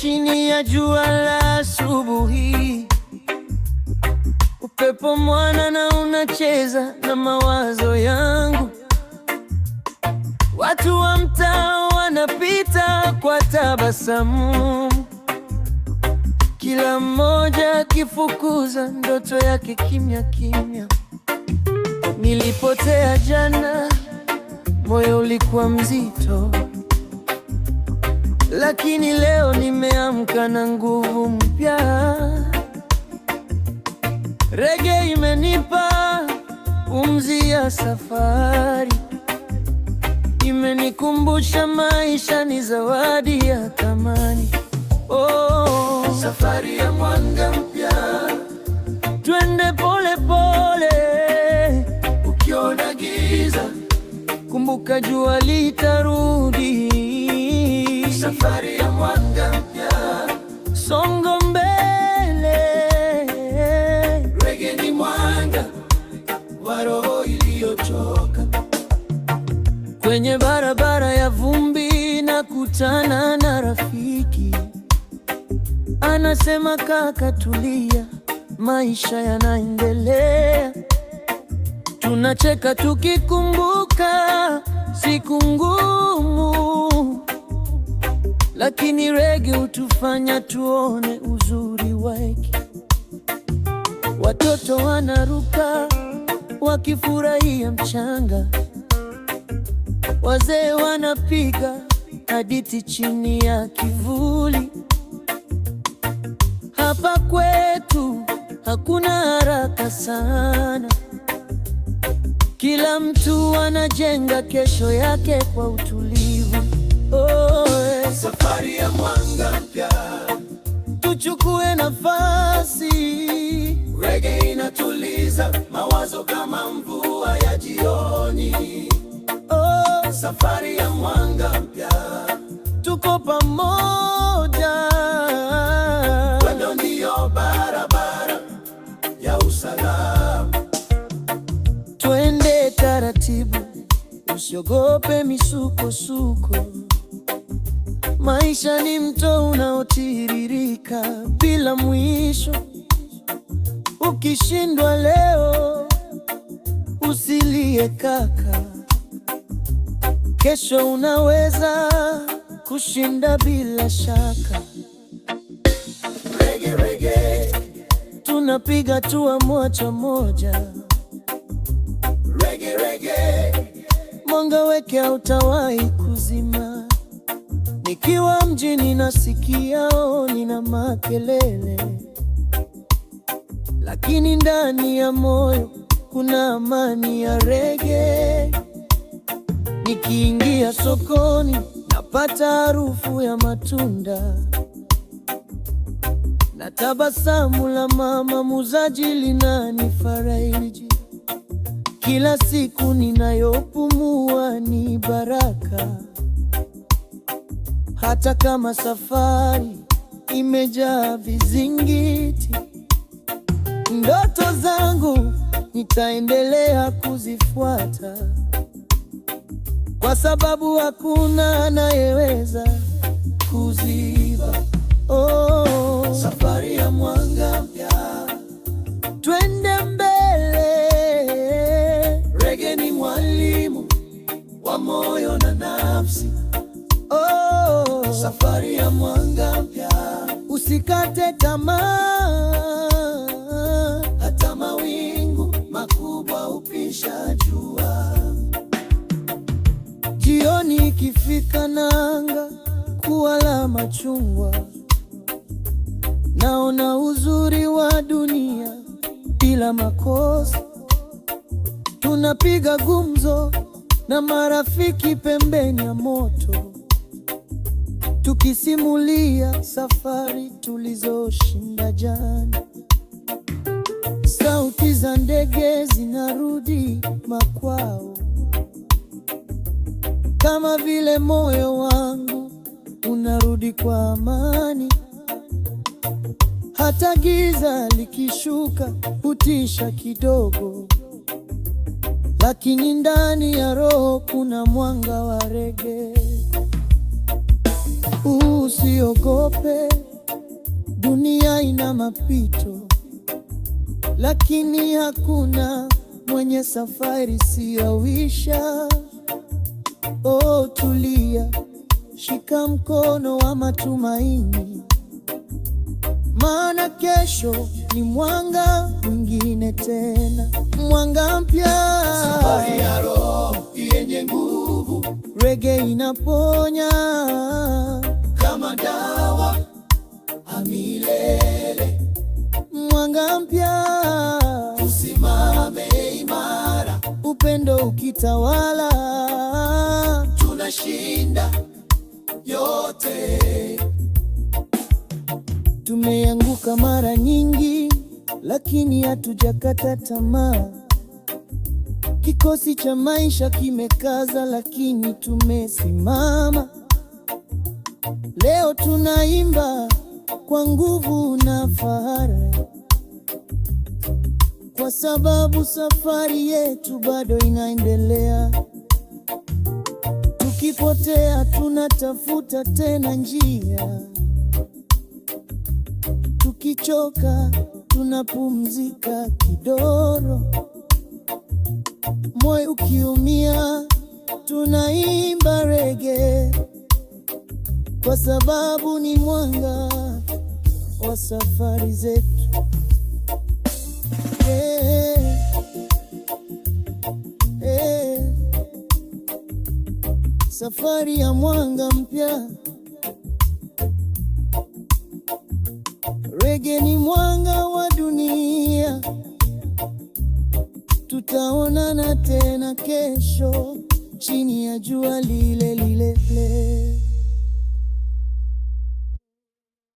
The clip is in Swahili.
chini ya jua la asubuhi, upepo mwana na unacheza na mawazo yangu. Watu wa mtaa wanapita kwa tabasamu, kila mmoja akifukuza ndoto yake kimya kimya. Nilipotea jana, moyo ulikuwa mzito lakini leo nimeamka na nguvu mpya. Reggae imenipa pumzi ya safari, imenikumbusha maisha ni zawadi ya thamani. Oh, safari ya mwanga mpya, twende pole pole. Ukiona giza, kumbuka jua litarudi safari ya mwanga Songo mbele, rege ni mwanga wa roho iliyochoka. Kwenye barabara ya vumbi na kutana na rafiki, anasema kaka, tulia, maisha yanaendelea. Tunacheka tukikumbuka ndege hutufanya tuone uzuri wake. Watoto wanaruka wakifurahia mchanga, wazee wanapiga hadithi chini ya kivuli. Hapa kwetu hakuna haraka sana, kila mtu anajenga kesho yake kwa utulivu safari ya mwanga mpya, tuchukue nafasi. Reggae inatuliza mawazo kama mvua ya jioni. Oh, safari ya mwanga mpya, tuko pamoja. Kwendo ndiyo barabara ya usalama, twende taratibu, usiogope misukosuko Maisha ni mto unaotiririka bila mwisho. Ukishindwa leo, usilie kaka, kesho unaweza kushinda bila shaka. Rege rege, tunapiga tua moja moja. Rege rege, mwanga weke hautawahi kuzima. Nikiwa mjini nasikia oh, na makelele, lakini ndani ya moyo kuna amani ya rege. Nikiingia sokoni napata harufu ya matunda na tabasamu la mama muuzaji linanifariji. Kila siku ninayopumua ni baraka hata kama safari imejaa vizingiti, ndoto zangu nitaendelea kuzifuata, kwa sababu hakuna anayeweza kuzi safari ya mwanga mpya. Usikate tamaa, hata mawingu makubwa upisha jua. Jioni ikifika, nanga kuwa la machungwa, naona uzuri wa dunia bila makosa. Tunapiga gumzo na marafiki pembeni ya moto Ukisimulia safari tulizoshinda jana. Sauti za ndege zinarudi makwao, kama vile moyo wangu unarudi kwa amani. Hata giza likishuka hutisha kidogo, lakini ndani ya roho kuna mwanga wa rege Usiogope, dunia ina mapito, lakini hakuna mwenye safari siyawisha. Oh, tulia, shika mkono wa matumaini, maana kesho ni mwanga mwingine tena, mwanga mpya, safari ya roho yenye nguvu. Rege inaponya upendo ukitawala, tunashinda yote. Tumeanguka mara nyingi, lakini hatujakata tamaa. Kikosi cha maisha kimekaza, lakini tumesimama. Leo tunaimba kwa nguvu na fahari kwa sababu safari yetu bado inaendelea. Tukipotea tunatafuta tena njia, tukichoka tunapumzika kidoro, moyo ukiumia tunaimba rege, kwa sababu ni mwanga wa safari zetu. safari ya mwanga mpya. Rege ni mwanga wa dunia, tutaonana tena kesho chini ya jua lile lile.